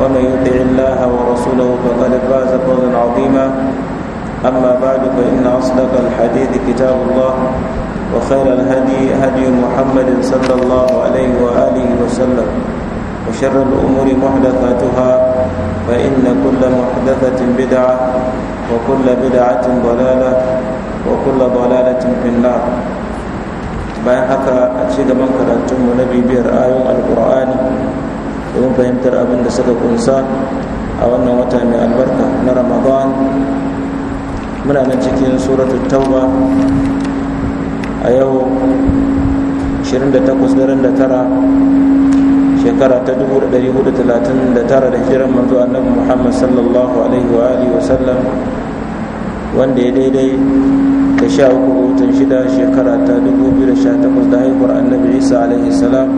ومن يطع الله ورسوله فقد فاز فوزا عظيما أما بعد فإن أصدق الحديث كتاب الله وخير الهدي هدي محمد صلى الله عليه وآله وسلم وشر الأمور محدثاتها فإن كل محدثة بدعة وكل بدعة ضلالة وكل ضلالة في النار bayan haka a ci gaban karatunmu na bibiyar ayon alkur'ani domin fahimtar abin da suka kunsa a wannan wata mai albarka na ramadan muna nan cikin suratu tauba a yau 28 daren da tara shekara ta 439 da hijiran manzo annabi muhammad sallallahu alaihi wa alihi wa sallam wanda ya daidai da sha uku shida shekara ta 2018 da haihuwar annabi isa alaihi salam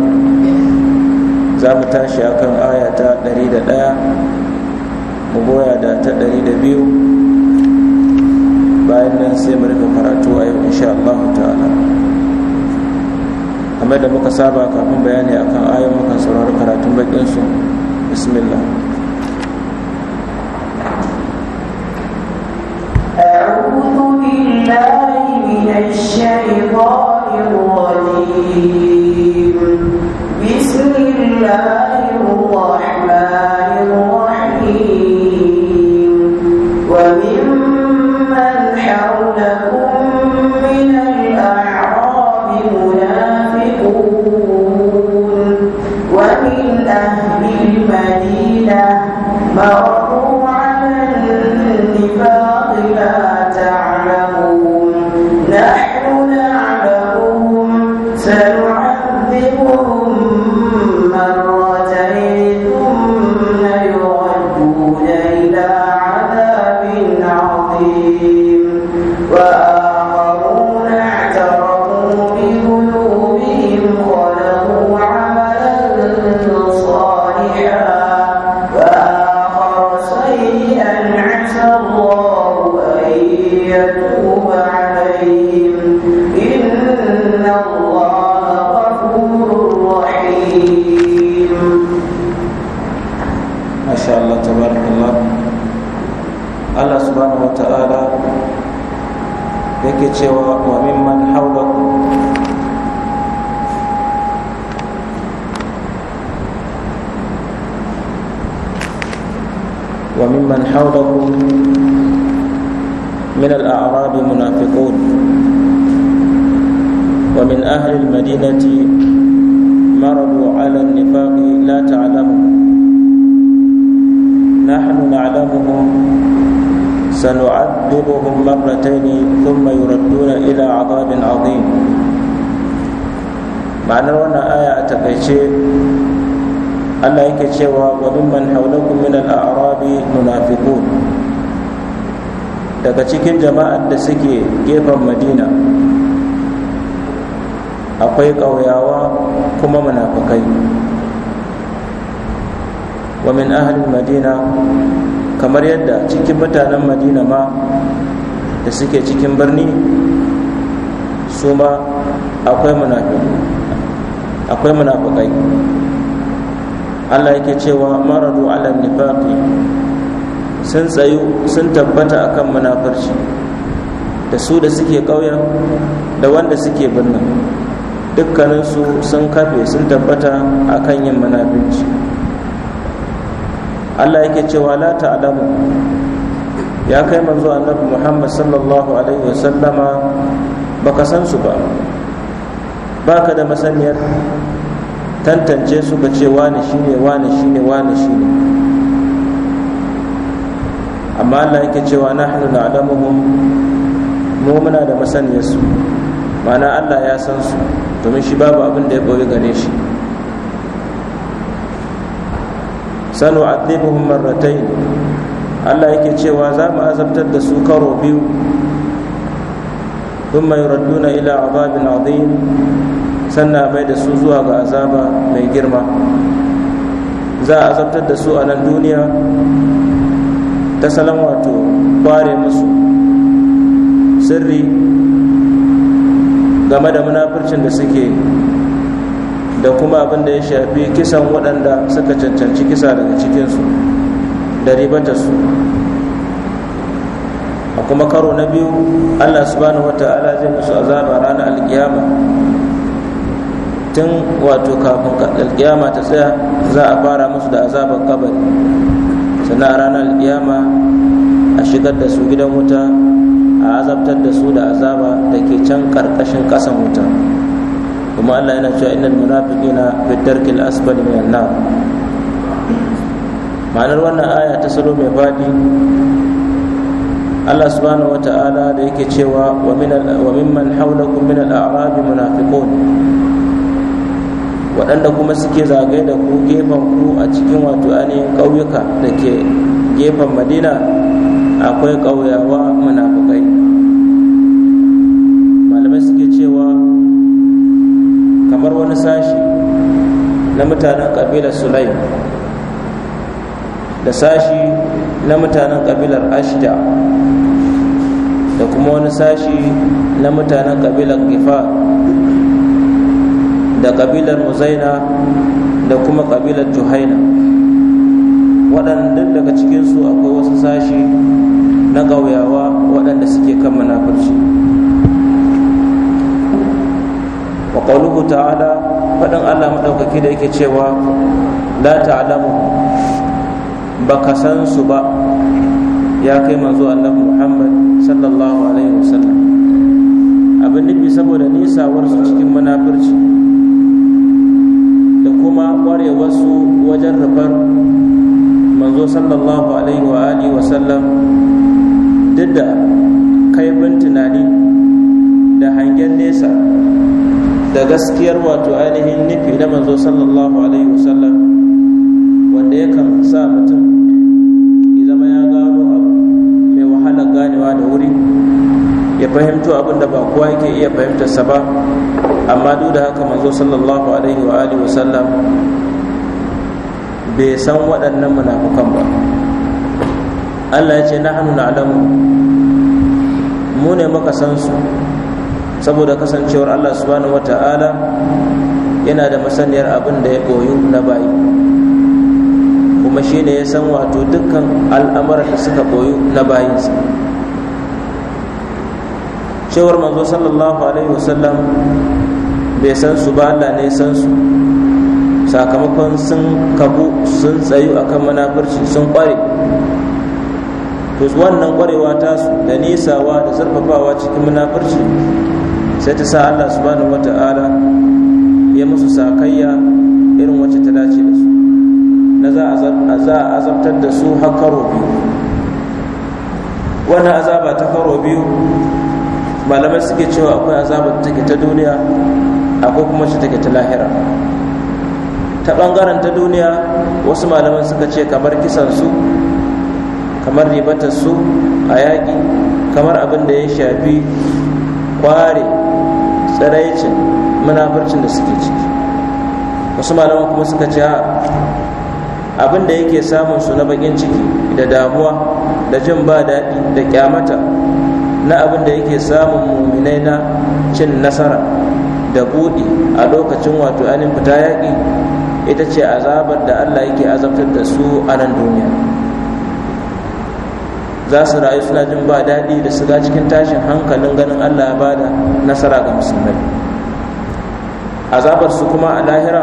za mu tashi a kan aya ta 101 mu goya da ta 102 bayan nan sai mu rufe karatu a yau insha Allah ta'ala kamar da muka saba kafin bayani a kan aya muka saurari karatun bakin su bismillah أعوذ بالله من الشيطان الرجيم yeah. سوى وممن حولكم وممن حولكم من الأعراب منافقون ومن أهل المدينة مرضوا على النفاق لا تعلمهم نحن نعلمهم سنعذبهم مرتين ثم يردون إلى عذاب عظيم معنى وانا آية أتقيشي ألا يكتشوا وممن حولكم من الأعراب منافقون daga cikin jama'ar da suke gefen madina akwai ƙauyawa kuma munafukai wa min ahalin madina kamar yadda cikin mutanen madina ma da suke cikin birni su ma akwai akwai munafukai Allah yake cewa maradu ala nifaqi sun tsayu sun tabbata akan munafurci da su da suke ƙauyen da wanda suke birnin dukkaninsu sun kafe sun tabbata akan yin munafunci Allah yake cewa la ta'lamu ya kai manzo annabi Muhammad sallallahu alaihi wasallama baka san su ba baka da masaniyar tantance su ka ce wani shine wane shine wane shine amma Allah yake cewa nahnu na'lamuhum mu muna da masaniyar su ma'ana Allah ya san su domin shi babu abin da ya boye gare shi adibuhum marratayn Allah yake cewa za mu azabtar da su karo biyu thumma yuradduna ila azabin azim sannan bai da su zuwa ga azaba mai girma za a azabtar da su a nan duniya ta salon wato kware musu sirri game da munafurcin da suke da kuma abin da ya shafi kisan waɗanda suka cancanci kisa daga cikinsu da ribatarsu a kuma karo na biyu allah wata wata'ala zai musu azaba ranar alkiyama tun wato kafin alkiyama ta tsaya za a fara musu da azabar kabari sannan a ranar alkiyama a shigar da su gidan wuta a azabtar da su da azaba da ke can ƙarƙashin ƙasan wuta kuma Allah yana cewa innal munafiqina fi al asfali an nar ma'anar wannan aya ta salo mai fadi Allah subhanahu wata'ala da yake cewa wa mimman hawlakum min al-a'rabi munafiqun waɗanda kuma suke zagaye da ku gefen ku a cikin wato ainihin ƙauyuka da ke gefen madina akwai ƙauyawa muna na mutanen kabilar sulaim da sashi na mutanen kabilar ashida da kuma wani sashi na mutanen kabilar gifa da kabilar muzaina da kuma kabilar juhaina waɗannan daga cikinsu akwai wasu sashi na ƙauyawa waɗanda suke kan manafarci wa ta'ala faɗin allah maɗaukaki da yake cewa la ta'lamu ba ka san su ba ya kai manzo annabi muhammad sallallahu alaihi wasallam abin nufi saboda warsu cikin munafurci da kuma su wajen rufar manzo sallallahu alaihi wa alihi wasallam duk da da gaskiyar wato ainihin nufi na manzo sallallahu alaihi wasallam wanda ya kan sa mutum zama ya gano abu mai wahalar ganewa da wuri ya fahimto abin da ba kowa yake iya fahimtarsa ba amma duk da haka manzo sallallahu alaihi wa alihi wasallam bai san waɗannan munafukan ba Allah ya ce nahnu na'lamu mu ne muka san su saboda kasancewar Allah subhanahu ta'ala yana da masaniyar abin da ya koyu na bayi kuma shi ne ya san wato dukkan al'amuran da suka koyu na bayinsa cewar manzo sallallahu alaihi wasallam bai san su ba Allah ne san su sakamakon sun kabu sun tsayu akan munafurci sun kware to wannan kwarewa tasu da nisawa da zarfafawa cikin munafurci sai ta sa Allah subhanahu Ta'ala ya musu sakayya irin wacce ta dace da su na za a azabtar da su har karo biyu wannan azaba ta karo biyu malamai suke cewa akwai azaba ta take ta duniya akwai kuma ta take ta lahira ta bangaren ta duniya wasu malaman suka ce kamar kisan su kamar ribatar su a yaƙi kamar abin da ya shafi kware tsiraicin munafurcin da suke ciki wasu malaman kuma suka ce abin da yake samun su na bakin ciki da damuwa da jin ba daɗi da kyamata na abin da yake samun muminai na cin nasara da buɗi a lokacin wato ainihin fita yaƙi ita ce azabar da allah yake azabtar da su a nan duniya za su rayu suna jin ba daɗi da shiga cikin tashin hankalin ganin allah ya bada nasara ga musulmai azabar su kuma a lahira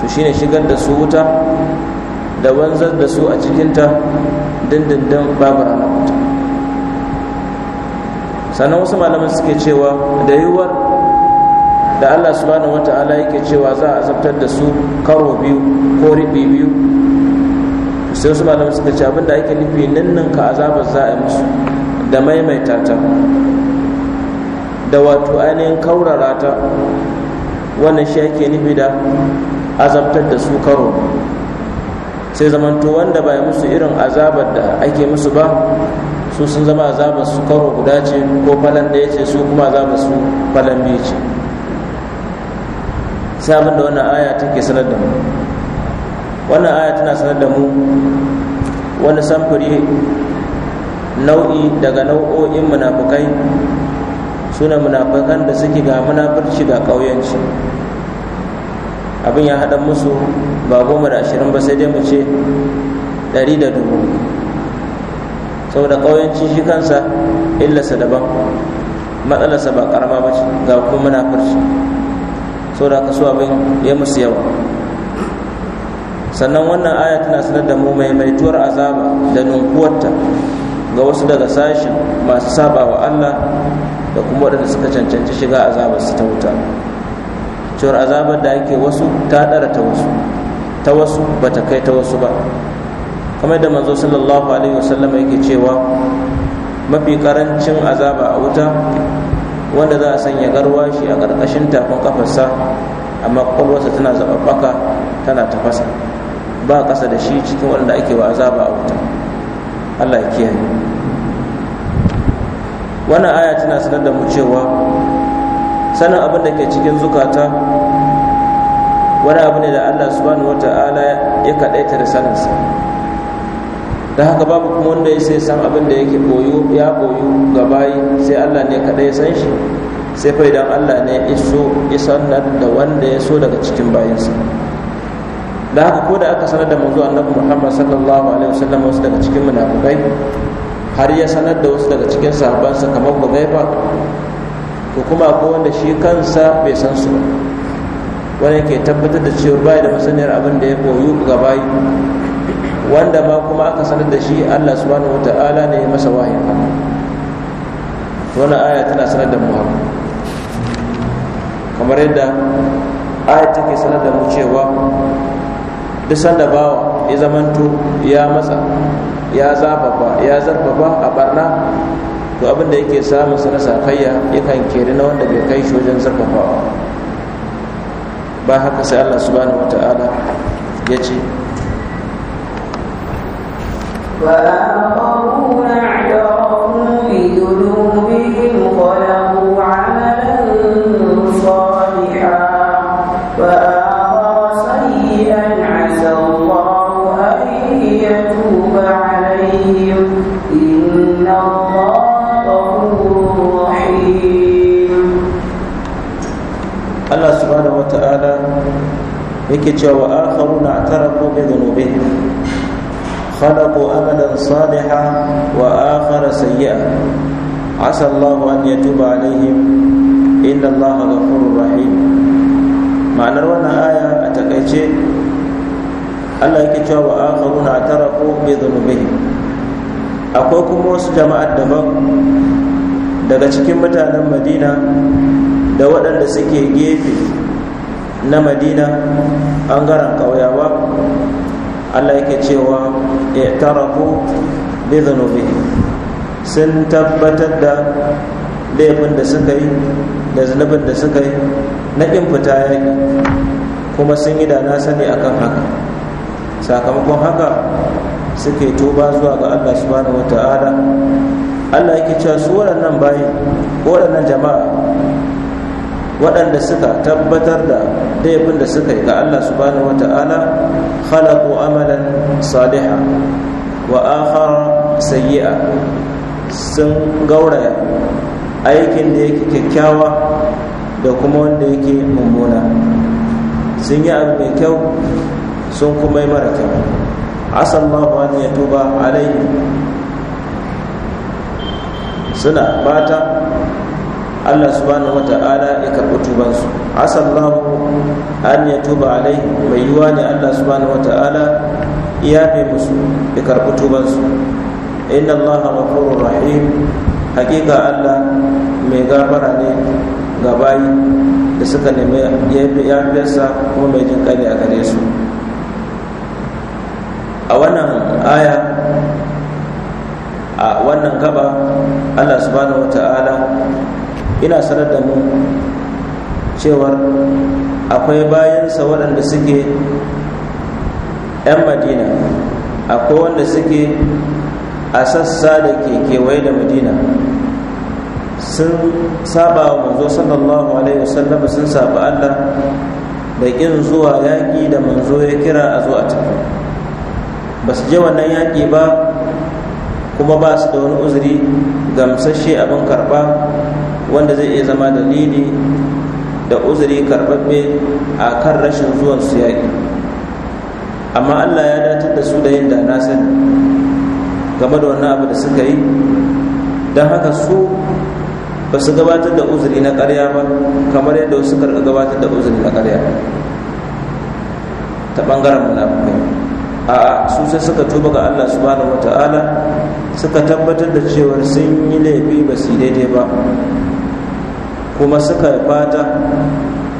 to shine shigar da su wuta da wanzar da su a cikinta dindindin babu rana wuta sannan wasu malaman suke cewa da yiwuwar da allah subhanahu wata'ala yake cewa za a azabtar da su karo biyu ko riɓi biyu sai wasu malamai suka ce abinda ake nufi nan ka azabar za a musu da maimaita ta da wato ainihin kaurara ta wannan shi ake nufi da azabtar da su karo sai zamanto wanda ba musu irin azabar da ake musu ba su sun zama azabar su karo guda ce ko falon ya ce su kuma azabar su falon biyu ce sai abin da wannan aya take sanar da mu wannan aya tana sanar da mu wani samfuri nau'i daga nau'o'in munafukai suna munafukan da suke ga munafurci ga ƙauyenci abin ya haɗa musu ba goma da ashirin ba sai dai mu ce ɗari da dubu saboda ƙauyenci shi kansa illarsa daban matsalarsa ba ƙarama ba ce ga kuma munafurci saboda haka su abin ya musu yawa sannan wannan aya tana sanar da mu maimaituwar azaba da nunkuwarta ga wasu daga sashen masu saba wa Allah da kuma waɗanda suka cancanci shiga azabar su ta wuta cewar azabar da ake wasu ta ɗara ta wasu ta wasu ba ta kai ta wasu ba kamar da manzo sallallahu alaihi wasallam yake cewa mafi karancin azaba a wuta wanda za a sanya garwashi a ƙarƙashin tafin kafarsa amma ƙwaƙwalwarsa tana zaɓaɓɓaka tana tafasa ba ƙasa da shi cikin waɗanda ake wa azaba a wuta Allah ya kiyaye wannan aya tana sanar da mu cewa sanin abin da ke cikin zukata wani abu ne da Allah subhanahu wata'ala ya kaɗaita da saninsa da haka babu kuma wanda ya sai san abin da yake koyo ya koyo ga bayi sai Allah ne kaɗai ya san shi sai fa idan Allah ne iso isan da wanda ya so daga cikin bayinsa da haka ko da aka sanar da manzo annabi Muhammad sallallahu alaihi wasallam wasu daga cikin munafikai har ya sanar da wasu daga cikin sahabbansa kamar Hudhaifa ko kuma ko wanda shi kansa bai san su wanda yake tabbatar da cewa bai da masaniyar abin da ya koyu ga bayi wanda ma kuma aka sanar da shi Allah subhanahu wata'ala ne ya masa wahayi haka wannan aya tana sanar da mu kamar yadda aya take sanar da mu cewa duk sanda bawa ya zamanto ya matsa ya zafafa ya zarfafa a barna to abin da yake samun sa na sakayya yakan keri na wanda bai kai shi wajen zarfafawa ba haka sai Allah subhanahu wata'ala ya ce yake cewa wa akharuna atarafu bi dhunubihim khalaqu amalan salihan wa akhara sayyi'a asa Allahu an yatuba alaihim inna Allaha ghafurur rahim ma'anar wannan aya a takaice Allah yake cewa wa akharuna atarafu bi dhunubihim akwai kuma wasu jama'ar daban daga cikin mutanen Madina da waɗanda suke gefe na madina ɓangaren ƙauyawa allah yake cewa i'tarafu bi dhunubihim sun tabbatar da laifin da suka yi da zunubin da suka yi na ƙin fita yi kuma sun yi da na sani akan haka sakamakon haka suke tuba zuwa ga allah subhanahu wa ta'ala allah yake cewa su waɗannan bayi waɗannan jama'a waɗanda suka tabbatar da laifin da suka yi ga Allah subhanahu wata'ala khalaqu amalan saliha wa akhara sayyi'a sun gauraya aikin da yake kyakkyawa da kuma wanda yake mummuna sun yi abu mai kyau sun kuma yi mara kyau asallahu an ya tuba alaihi suna bata Allah subhanahu ta'ala ya karɓi tubansu asallahu an ya tuba alai mai yiwa ne Allah subhanahu ta'ala ya bai musu ya karɓi tubansu inna Allah ghafurur rahim hakika Allah mai gabara ne ga bayi da suka nemi yafiyarsa kuma mai jin kare a gare su a wannan aya a wannan gaba Allah subhanahu ta'ala ina sanar da mu cewar akwai bayansa waɗanda suke 'yan madina akwai wanda suke a sassa da ke kewaye da madina sun saba wa manzo sallallahu alaihi wasallam sun saba allah da ƙin zuwa yaƙi da manzo ya kira a zuwa ba su je wannan yaƙi ba kuma ba su da wani uzuri gamsashe abin karɓa wanda zai iya zama dalili da uzuri karbabbe a kan rashin zuwan su yaƙi amma allah ya datar da su da yin da na sani game da wannan abu da suka yi don haka su ba su gabatar da uzuri na ƙarya ba kamar yadda wasu karɓa gabatar da uzuri na ƙarya ta ɓangaren munafukai a su sai suka tuba ga allah subhanahu wa ta'ala suka tabbatar da cewar sun yi laifi ba su daidai ba kuma suka fata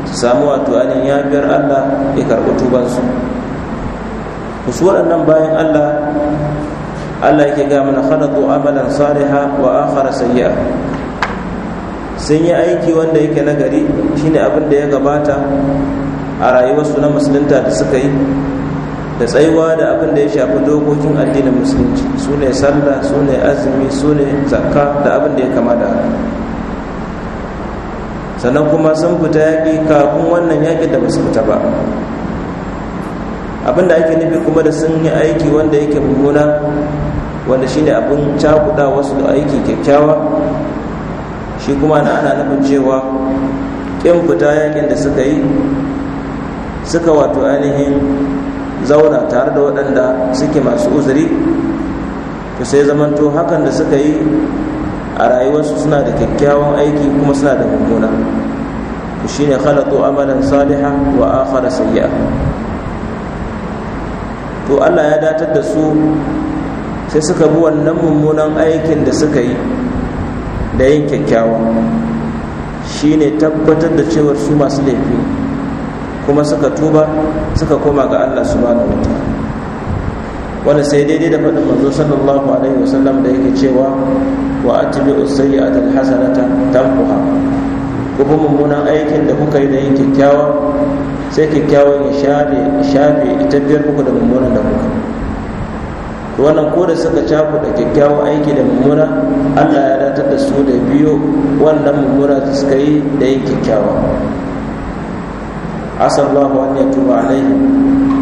su samu wato ya biyar Allah ya karɓi tubansu su waɗannan bayan Allah Allah yake ga mana khalaqu amalan saliha wa akhara sayyi'a sun yi aiki wanda yake nagari shine abin da ya gabata a rayuwarsu na musulunta da suka yi da tsayuwa da abin da ya shafi dokokin addinin musulunci su ne sallah su ne azumi su ne zakka da abin da ya kama da haka sannan kuma sun fita yaƙi kafin wannan yaƙi da basu fita ba abinda ake nufi kuma da sun yi aiki wanda yake mummuna wanda shi ne abin cakuɗa wasu da aiki kyakkyawa shi kuma na ana nufin cewa ƙin fita yaƙin da suka yi suka wato ainihin zauna tare da waɗanda suke masu uzuri ku sai zamanto hakan da suka yi a rayuwarsu suna da kyakkyawan aiki kuma suna da mummuna to shine khalatu amalan saliha wa akhara sayyi'a to Allah ya datar da su sai suka bi wannan mummunan aikin da suka yi da yin kyakkyawa shine tabbatar da cewar su masu laifi kuma suka tuba suka koma ga Allah subhanahu wataala wanda sai daidai da faɗin manzo sallallahu alaihi wasallam da yake cewa wa atbi'u sayyi'atal hasanata tamquha ku bi mummunan aikin da kuka yi da yin kyakkyawa sai kyakkyawa ya shafe shafe ita biyar muku da mummunan da kuka to wannan ko da suka cafu da kyakkyawa aiki da mummuna Allah ya datar da su da biyo wannan mummuna su suka yi da yin kyakkyawa asallahu an yatuba alaihim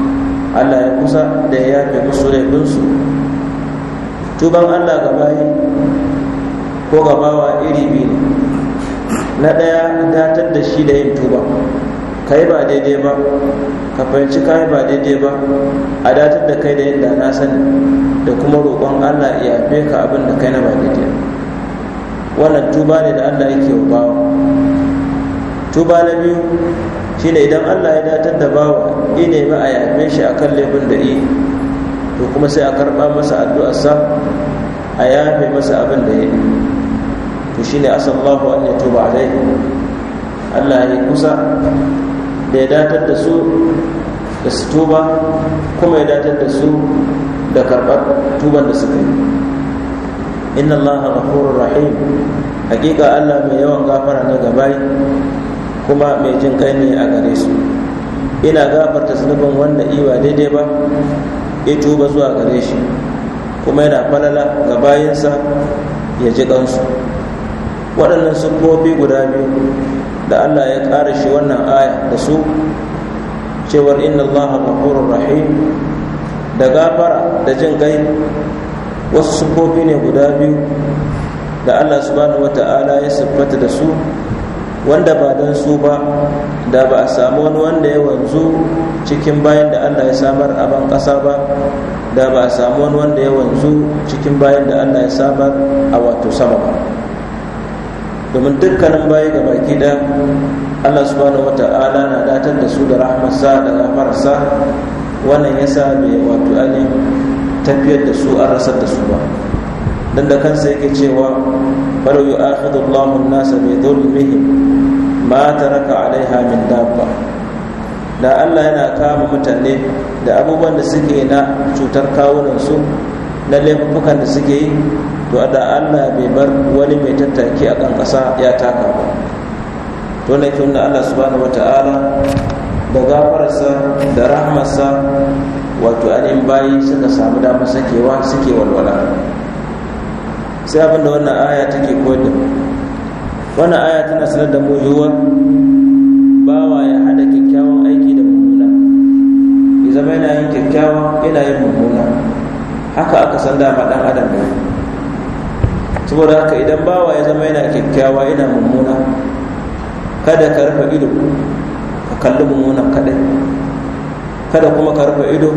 Allah ya kusa da ya yafe musu laifinsu tuban Allah ga bayi ko ga bawa iri biyu ne. na ɗaya datar da shi da yin tuba ka yi ba daidai ba ka fahimci ka yi ba daidai ba a datar da kai da yin da na sani da kuma roƙon Allah ya yafe ka abin da kai na ba daidai wannan tuba ne da Allah yake wa bawa tuba na biyu shine idan Allah ya datar da bawa ine ba a yafe shi akan lemun da yi to kuma sai a karba masa addu'arsa a yafe masa abin da ya yi to shine asallahu an tuba alaihi Allah ya kusa da ya datar da su da su tuba kuma ya datar da su da karɓar tuban da suka yi inna allaha ghafurur rahim hakika Allah mai yawan gafara ne ga kuma mai jin kai ne a gare su ina gafarta zunubin wanda iwa daidai ba ya tuba zuwa gare shi kuma yana falala ga bayansa ya ji kansu waɗannan siffofi guda biyu da Allah ya ƙara shi wannan aya da su cewar inna allaha ghafurur rahim da gafara da jin kai wasu siffofi ne guda biyu da Allah subhanahu wata'ala ya siffata da su wanda ba don su ba da ba a samu wani wanda ya wanzu cikin bayan da allah ya samar a ban ƙasa ba da ba a samu wani wanda ya wanzu cikin bayan da allah ya samar a wato sama ba domin dukkanin baya ga baki ɗaya allah subhanahu wa ta'ala na datar da su da rahmarsa da gafararsa wannan ya sa bai wato ainihin tafiyar da su an rasar da su ba dan da kansa yake cewa balo yu'akhidullahu an-nasa bi dhulmihim ma taraka alaiha min dabba da Allah yana kama mutane da abubuwan da suke na cutar kawunansu na laifukan da suke yi to da Allah bai bar wani mai tattaki a kan kasa ya taka ba to ne kun da Allah subhanahu wata'ala da gafararsa da rahmarsa wato anin bayi suka samu damar sakewa suke walwala sai abin da wannan aya take koyar da mu wannan aya tana sanar da mu yiwuwar bawa ya hada kyakkyawan aiki da mummuna ya zama yana yin kyakkyawan yana yin mummuna haka aka san dama dan adam ne saboda haka idan bawa ya zama yana kyakkyawa yana mummuna kada ka rufe ido ka kalli mummunan kadai kada kuma ka rufe ido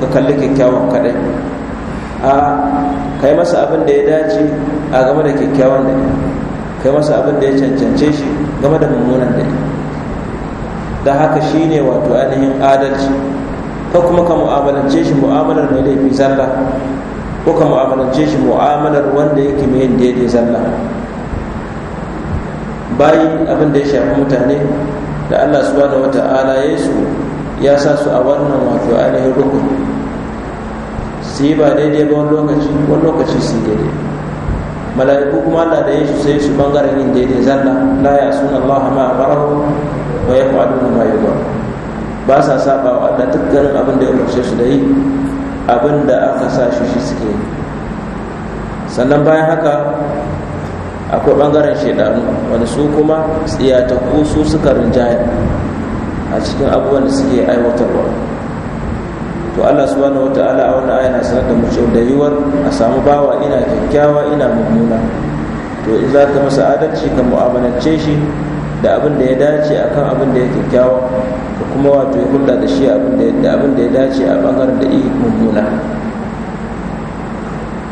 ka kalli kyakkyawan kadai a kai masa abin da ya dace a game da kyakkyawan da kai masa abin da ya cancance shi game da mummunan da da haka shi ne wato ainihin adalci ko kuma ka mu'amalance shi mu'amalar mai laifi zalla ko ka mu'amalance shi mu'amalar wanda yake mai yin daidai zalla bayi abin da ya shafi mutane da Allah subhanahu wata'ala ya su ya sa su a wannan wato ainihin rukun su yi ba daidai ba wani lokaci wani lokaci su daidai mala'iku kuma Allah da ya shi sai su bangaren yin daidai zalla la ya suna Allah ma barahu wa ya faɗu ma yuwa ba sa saba wa Allah dukkanin abin da ya umarce su da yi abin da aka sa shi shi suke yi sannan bayan haka akwai bangaren shaidanu wani su kuma ku su suka rinjaya a cikin abubuwan da suke aiwatarwa to Allah subhanahu wataala a wannan aya na sanar da mu cewa da yiwuwar a samu bawa ina kyakkyawa ina mummuna to in za ka masa adalci ka mu'amalance shi da abin da ya dace akan abin da ya kyakkyawa ka kuma wato ya hulɗa da shi da abin da ya dace a bangaren da iya mummuna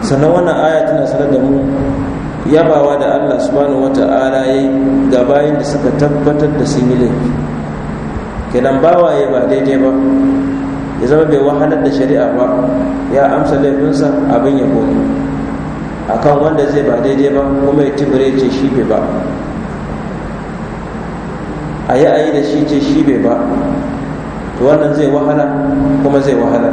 sannan wannan aya tana sanar da mu yabawa da Allah subhanahu wata'ala ya ga bayan da suka tabbatar da sun yi laifi kenan bawaye ba daidai ba ya zama bai wahalar da shari'a ba ya amsa laifinsa abin ya a kan wanda zai ba daidai ba kuma ya tibire ce shi bai ba a yi ayi da shi ce shi bai ba to wannan zai wahala kuma zai wahala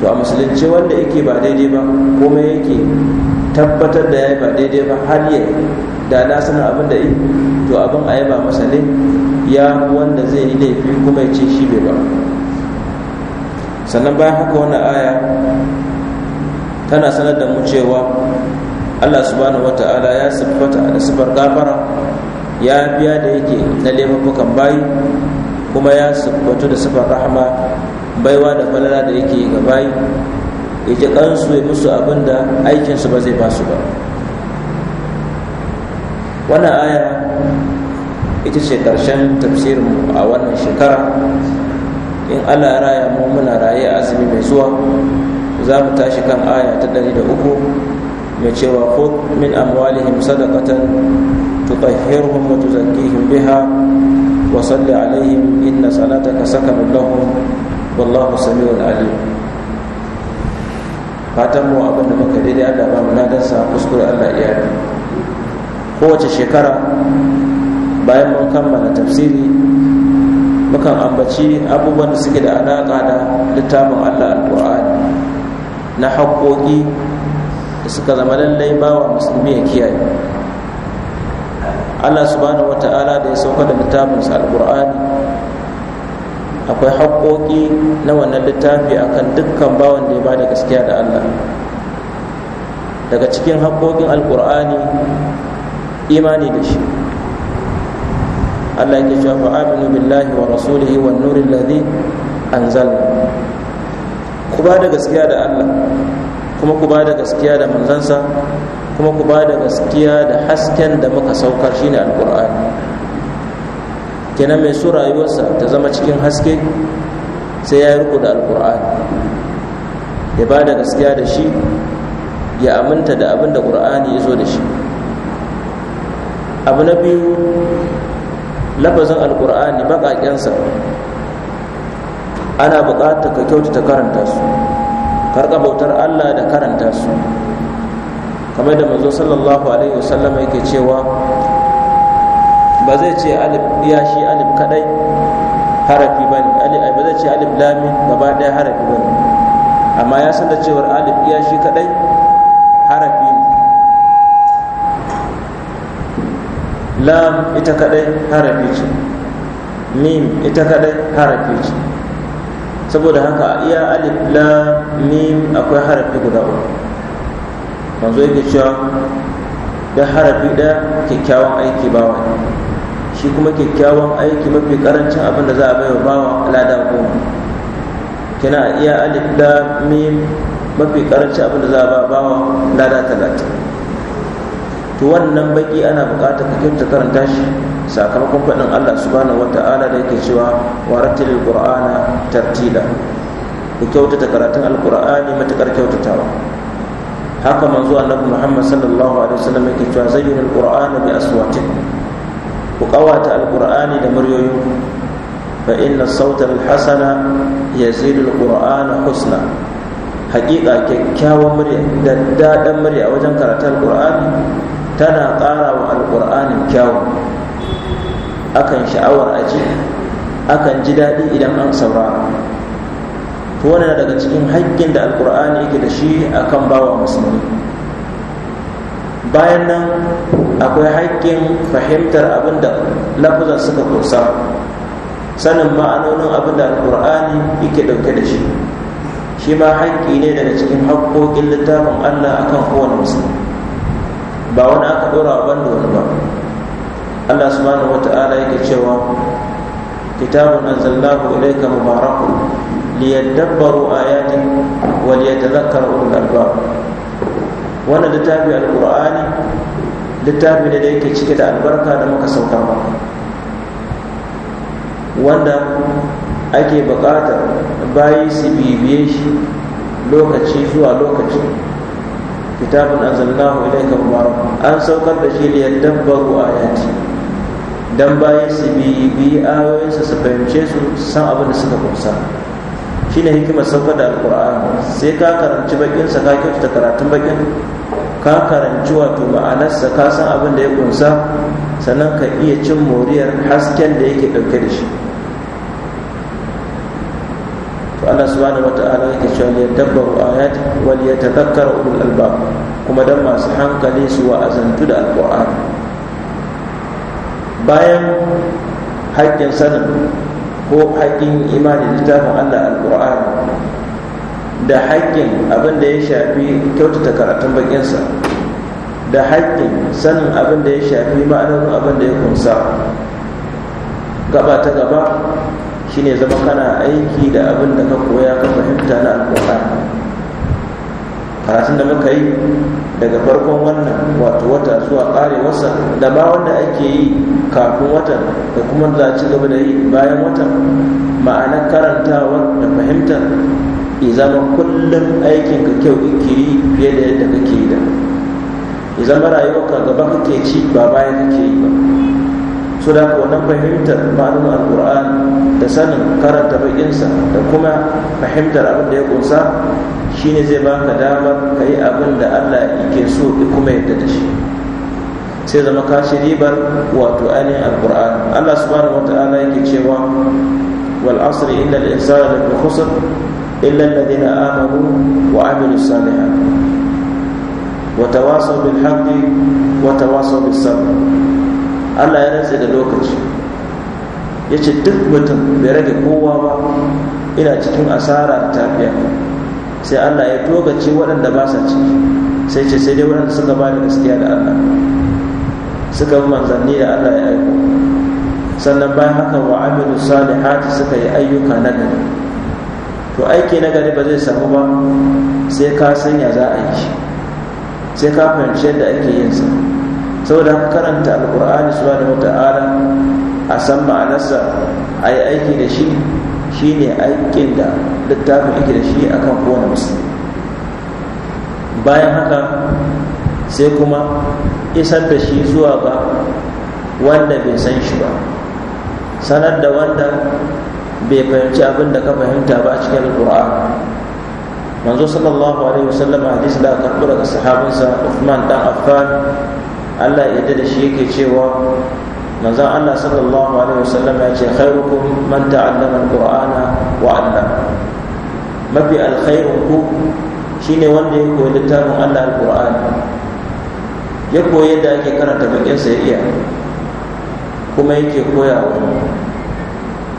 to a musulunci wanda yake ba daidai ba kuma yake tabbatar da ya yi ba daidai ba har yi da na sanin abin da yi to abin a yaba masa ne ya wanda zai yi laifi kuma ya ce shi bai ba sannan bayan haka wani aya tana sanar da mu cewa Allah subhanahu wata'ala ya siffata da siffar gafara ya biya da yake na laifukan bayi kuma ya siffatu da siffar rahama baiwa da falala da yake ga bayi ya kansu ya musu abin da aikinsu ba zai basu ba wannan aya ita ce ƙarshen tafsirinmu a wannan shekara in allah raya mu muna raye a azumi mai zuwa za mu tashi kan aya ta ɗari da uku mai cewa ko min amwalihim sadaqatan tutahhiruhum wa tuzakkihim biha wa salli alaihim inna salataka sakanun lahum wallahu samiul alim fatan mu abin da muka daidai Allah ba mu sa kuskure Allah iyali kowace shekara bayan mun kammala tafsiri mukan ambaci abubuwan da suke da alaƙa da littafin Allah alƙur'ani na haƙoƙi da suka zama lallai bawa musulmi ya kiyaye Allah subhanahu wata'ala da ya sauka da littafinsa alƙur'ani akwai haƙoƙi na wannan littafi akan dukkan bawan da ya bada gaskiya da Allah daga cikin haƙoƙin alƙur'ani imani da shi Allah yake cewa aminu billahi wa rasulihi wan nuril ladhi anzal ku ba da gaskiya da Allah kuma ku ba da gaskiya da manzansa kuma ku ba da gaskiya da hasken da muka saukar shine alqur'ani kenan mai su rayuwarsa ta zama cikin haske sai ya riko da alqur'ani ya ba da gaskiya da shi ya aminta da abin da qur'ani ya zo da shi abu na biyu lafazin alkur'ani baƙaƙensa ana buƙatar ka kyautata karanta su karka bautar allah da karanta su kamar da manzo sallallahu alaihi wasallam yake cewa ba zai ce alif ya shi alif kadai harafi ba ne ba zai ce alif lamin gaba ɗaya harafi ba ne amma ya san da cewar alif ya shi kadai lam ita kadai harafi ce mim ita kadai harafi ce saboda haka iya alif lam mim akwai harafi guda uku manzo yake cewa da harafi da kyakkyawan aiki bawa shi kuma kyakkyawan aiki mafi karancin abin da za a baiwa bawa alada goma kina iya alif lam mim mafi karancin abin da za a ba bawa lada talatin to wannan baki ana buƙatar ka kyauta karanta shi sakamakon faɗin Allah subhanahu wata'ala da yake cewa waratil qur'ana tartila ku kyautata karatun alqur'ani matakar kyautatawa haka manzo annabi Muhammad sallallahu alaihi wasallam yake cewa zayyinul qur'ana bi aswatin ku qawata alqur'ani da muryoyin fa inna sautal alhasana yazidul qur'ana husna haƙiƙa kyakkyawan murya da daɗin murya wajen karatun alqur'ani tana ƙara wa alƙur'anin kyawu akan sha'awar aji akan ji daɗi idan an saurara to wannan daga cikin haƙƙin da alƙur'ani yake da shi akan bawa musulmi bayan nan akwai haƙƙin fahimtar abin da lafuzan suka kusa sanin ma'anonin abin da alƙur'ani yake ɗauke da shi shi ma haƙƙi ne daga cikin haƙƙoƙin littafin allah akan kowane musulmi ba wani aka dora ban da wani ba Allah subhanahu wata'ala yake cewa kitabun anzalnahu ilayka mubarakun liyadabbaru ayati wa liyatadhakkara ulul albab wannan littafi alqur'ani littafi ne da yake cike da albarka da muka sauka maka wanda ake buƙatar bayi su bibiye shi lokaci zuwa lokaci kitabun anzalnahu ilayka mubarak an saukar da shi liyan dabbaru ayati dan bayi su bibi ayoyinsa su fahimce su san abin da suka kunsa shine hikimar saukar da alqur'ani sai ka karanci bakin sa ka kyautata karatun bakin ka karanci wato ma'anarsa ka san abin da ya kunsa sannan ka iya cin moriyar hasken da yake dauke da shi Allah subhanahu wata'ala yake cewa ya dabbaru ayat wal yatadhakkaru ulul albab kuma dan masu hankali su wa'azantu da alqur'an bayan haƙƙin sanin ko haƙƙin imani littafin Allah alqur'an da haƙƙin abin da ya shafi kyautata karatun bakinsa da haƙƙin sanin abin da ya shafi ma'anar abin da ya kunsa gaba ta gaba shine zama kana aiki da abin da ka koya ka fahimta na alƙur'ani karatun da muka yi daga farkon wannan wato wata zuwa wasa, da ma wanda ake yi kafin watan da kuma za ci gaba da yi bayan watan ma'anar karantawa da fahimta ya zama kullum aikin ka kyau kiri fiye da yadda kake yi da ya zama rayuwarka gaba kake ci ba bayan kake yi ba Su da wannan fahimtar ma'anar alƙur'ani da sanin karanta bakinsa da kuma fahimtar abin da ya kunsa shine zai baka damar ka yi abin da allah ke so kuma yadda da shi sai zama kashi ribar wato ainihin alkur'an allah subhanahu wa ta'ala yake cewa wal asri inna al insana lafi khusr illa alladhina amanu wa amilu salihan wa tawasaw bil haqqi wa tawasaw bis sabr allah ya rantsa da lokaci ya ce duk mutum bai rage kowa ba ina cikin asara da tafiya sai Allah ya togace waɗanda ba sa ciki sai ce sai dai waɗanda suka ba da gaskiya da Allah suka yi manzanni da Allah ya aiko sannan bayan haka wa Sani salihati suka yi ayyuka na gari to aiki na gari ba zai samu ba sai ka sanya za a yi sai ka fahimci yadda ake yin sa saboda karanta alkur'ani subhanahu wata'ala a san ma'anarsa a yi aiki da shi shi ne aikin da littafin yake da shi a kan kowane musulmi bayan haka sai kuma isar da shi zuwa ba wanda bai san shi ba sanar da wanda bai fahimci abin da ka fahimta ba a cikin alƙur'an manzo sallallahu alaihi wasallam hadis da karɓi daga sahabinsa Uthman dan Affan Allah ya da shi yake cewa manzon Allah sallallahu alaihi wasallam ya ce khairukum man ta'allama alqur'ana wa 'allama mafi alkhairun ku shine wanda ya koyi littafin Allah alqur'ani ya koyi yadda ake karanta bakin sa ya iya kuma yake koyawa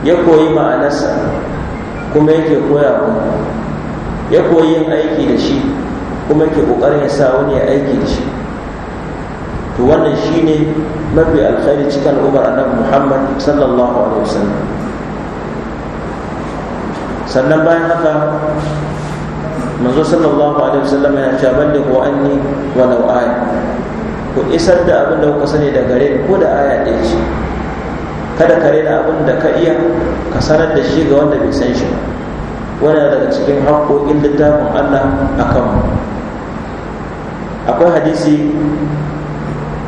ya koyi ma'anarsa kuma yake koyawa ya koyi yin aiki da shi kuma yake kokarin ya sa wani ya aiki da shi to wannan shine mafi alkhairi cikin al'ummar annabi muhammad sallallahu alaihi wasallam sannan bayan haka manzo sallallahu alaihi wasallam ya ce balle ko anni wa aya ku isar da abin da kuka sani da gare ko da aya ɗaya ce kada ka rena abin da ka iya ka sanar da shi ga wanda bai san shi Wani yana daga cikin haƙƙoƙin littafin Allah a kanmu akwai hadisi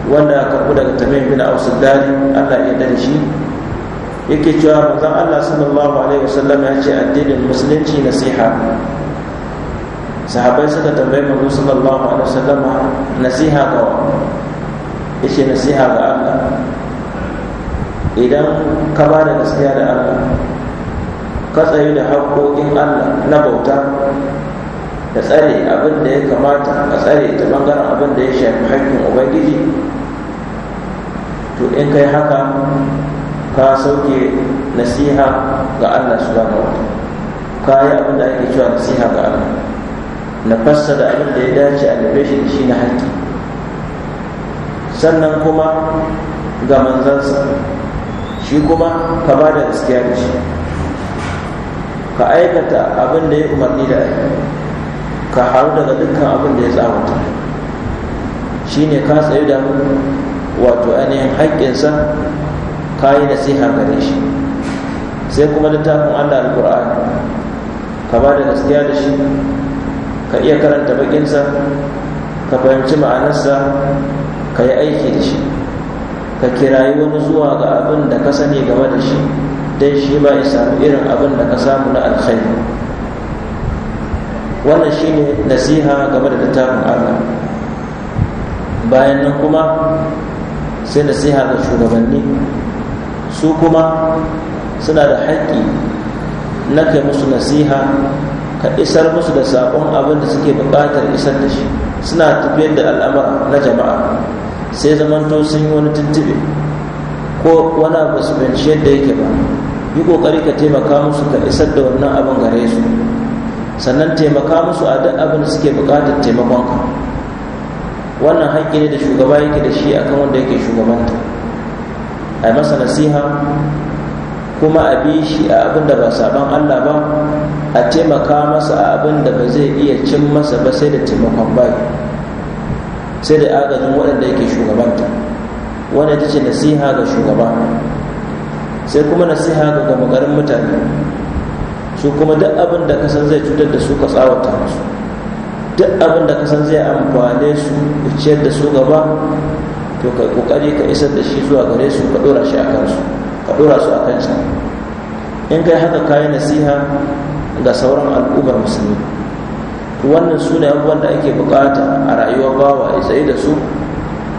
wanda ka ku daga tamim bin aus dari Allah ya dare shi yake cewa manzon Allah sallallahu alaihi wasallam ya ce addinin musulunci nasiha sahabai suka tambayi manzo sallallahu alaihi wasallam nasiha ga yace nasiha ga Allah idan ka ba da gaskiya da Allah ka tsaye da haƙoƙin Allah na bauta Ka tsare abin da ya kamata a tsare ta bangaren abin da ya shafi haƙƙin ubangiji to in kai haka ka sauke nasiha ga allah subhanahu wa ka yi abin da ake cewa nasiha ga allah na fassa da abin da ya dace a nufe shi shi na haƙƙi sannan kuma ga manzansa shi kuma ka ba da gaskiya da shi ka aikata abin da ya umarni da ake ka haru daga dukkan abin da ya tsawata shi ne ka tsaye da wato ainihin haƙƙinsa ka yi nasiha gare shi sai kuma littafin allah al alƙur'ani ka ba da gaskiya da shi ka iya karanta baƙinsa ka fahimci ma'anarsa ka yi aiki da shi ka kirayi wani zuwa ga abin da ka sani game da shi don shi ba ya samu irin abin da ka samu na alkhairu. wannan shine nasiha game da littafin Allah bayan nan kuma sai nasiha ga shugabanni su kuma suna da haƙƙi na kai musu nasiha ka isar musu da saƙon abin da suke buƙatar isar da shi suna tafiyar da al'amura na jama'a sai zamanto sun yi wani tuntube ko wani abu su bincike yadda yake ba yi ƙoƙari ka taimaka musu ka isar da wannan abin gare su sannan taimaka musu a duk abin da suke buƙatar taimakon ka wannan haƙƙi ne da shugaba yake da shi akan wanda yake shugabanta a masa nasiha kuma a bi shi a abin da ba saban Allah ba a taimaka masa a abin da ba zai iya cin masa ba sai da taimakon bai sai da agajin waɗanda yake shugabanta wanda ita ce nasiha ga shugaba sai kuma nasiha ga gama garin mutane su kuma duk abin da ka san zai cutar da su ka tsawata musu duk abin da ka san zai amfane su ku ciyar da su gaba to ka kokari ka isar da shi zuwa gare su ka dora shi a su ka dora su kan can in kai haka kayi nasiha ga sauran al'ummar musulmi wannan su ne abubuwan da ake bukata a rayuwar bawa a tsaye da su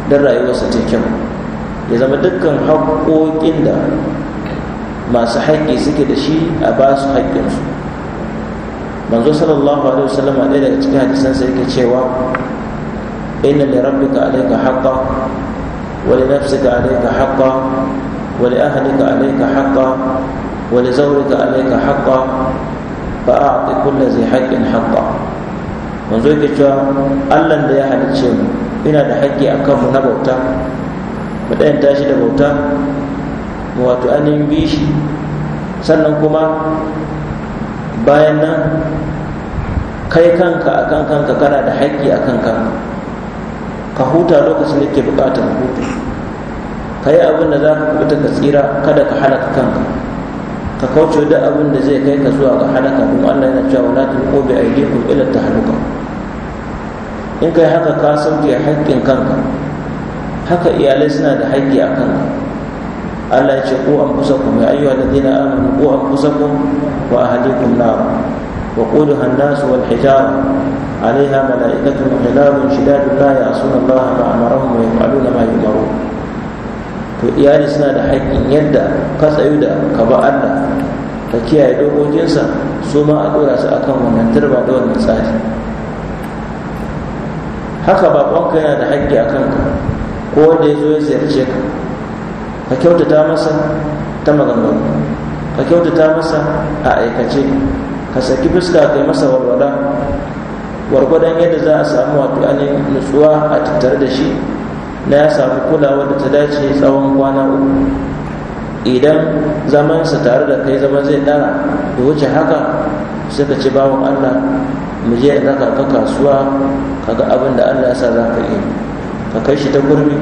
don rayuwarsa ta kyau ya zama dukkan haƙoƙin da masu haƙƙi suke da shi a ba su haƙƙinsu manzo sallallahu alaihi wasallam ɗaya daga cikin hadisansa yake cewa inna li rabbika alayka haqqa wa li nafsika alayka haqqa wa li ahlika alayka haqqa wa li zawrika alayka haqqa fa a'ti kulli zai haqqin haqqa manzo yake cewa Allah da ya halicce mu ina da haƙƙi akan mu na bauta mu ɗayan tashi da bauta wato bi shi sannan kuma bayan nan kai kanka a kan kanka kana da haƙƙi a kan kanka ka huta lokacin da ke buƙatar hutu ka yi abin da za ka fita ka tsira kada ka halaka kanka ka kauce da abin da zai kai ka zuwa ga halaka kuma Allah yana cewa bai aiki bi ilar ta tahluka in kai haka ka sauke haƙƙin kanka haka iyalai suna da haƙƙi a kanka Allah ya ce ku anfusakum ya ayyuha alladhina amanu ku ku wa ahlikum nar wa quduha an-nas wal hijara عليها ملائكة غلاب شداد لا يعصون الله ما أمرهم na ما يؤمرون to iyali suna da haƙƙin yadda ka tsayu da ka ba Allah ka kiyaye dokokinsa su ma a ɗora su akan wannan turba da wannan tsari haka babanka yana da haƙƙi a kanka ko wanda ya zo ya ziyarce ka ka kyautata masa ta maganganu ka kyautata masa a aikace ka saki fuska kai masa warwada wargwadon yadda za a samu wato ainihin nutsuwa a tattare da shi na ya samu kulawa da ta dace tsawon kwana uku idan zamansa tare da kai zama zai dara da wuce haka suka ci bawan allah mu je da ka kasuwa kaga abin da allah ya sa za ka yi ka kai shi ta gurbi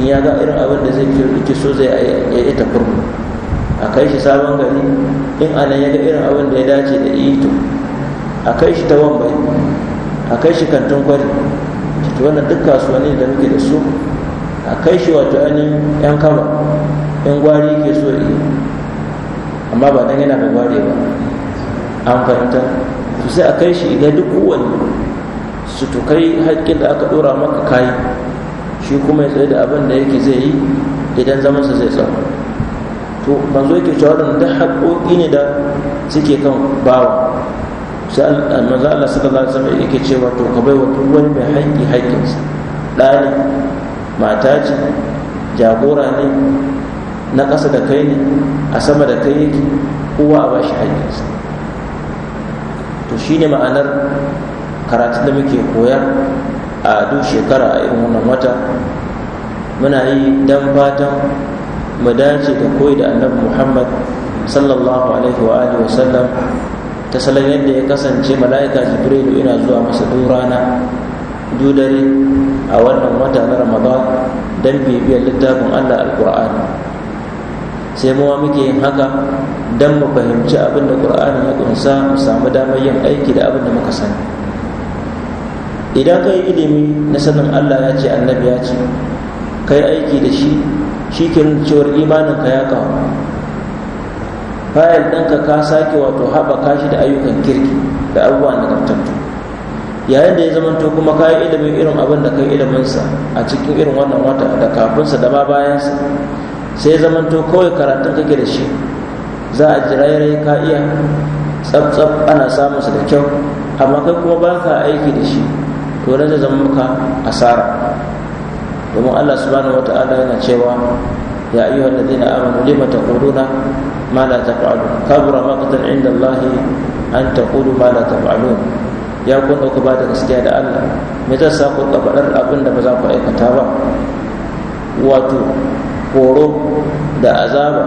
in ya ga irin abin da zai ke so zai ya yi ta kurmu a kai shi sabon gari in anan ya ga irin abin da ya dace da ito a kai shi ta wambai a kai shi kantin kwari cikin wannan duk kasuwanni da muke da su a kai shi wato ainihin yan kama in gwari ke so yi amma ba dan yana da gwari ba an fahimta su sai a kai shi idan duk kowanne su tukai haƙƙin da aka ɗora maka kayi shi kuma ya tsaye da abin da yake zai yi idan zamansa zai tsawo to manzo yake cewa da duk haƙoƙi ne da suke kan bawa sai manzo Allah sallallahu alaihi wasallam yake cewa to ka bai wa duk wani mai haƙƙi haƙƙinsa ɗa ne mata ce jagora ne na ƙasa da kai ne a sama da kai yake kowa a bashi haƙƙinsa to shine ma'anar karatu da muke koya a duk shekara a irin wannan wata muna yi dan fatan mu dace da koyi da annabi muhammad sallallahu alaihi wa alihi wasallam ta salon yadda ya kasance mala'ika jibrilu ina zuwa masa duk rana duk a wannan wata na ramadan dan bibiyar littafin allah alkur'ani sai mawa muke yin haka dan mu fahimci abin da ya kunsa mu samu damar yin aiki da abin da muka sani idan ka yi ilimi na sanin allah ya ce annabi ya ce ka yi aiki da shi shi ke nuna cewar imaninka ya kawo fayil ɗinka ka sake wato haɓaka shi da ayyukan kirki da abubuwa nagartattu yayin da ya zamanto kuma ka yi ilimin irin abin da ka yi iliminsa a cikin irin wannan wata da kafinsa da ma bayansa sai zamanto kawai karatun kake da shi za a ji rairayi ka iya Tsabtsab ana samunsa da kyau amma kai kuma ba ka aiki da shi to zai zama muka asara domin Allah subhanahu wata'ala yana cewa ya ayyuha alladhina amanu lima taquluna ma la taf'alun kabura maqtan inda allahi an taqulu ma la taf'alun ya kun ku ba da gaskiya da Allah me zai sa ku kabarar abin da ba za ku aikata ba wato horo da azaba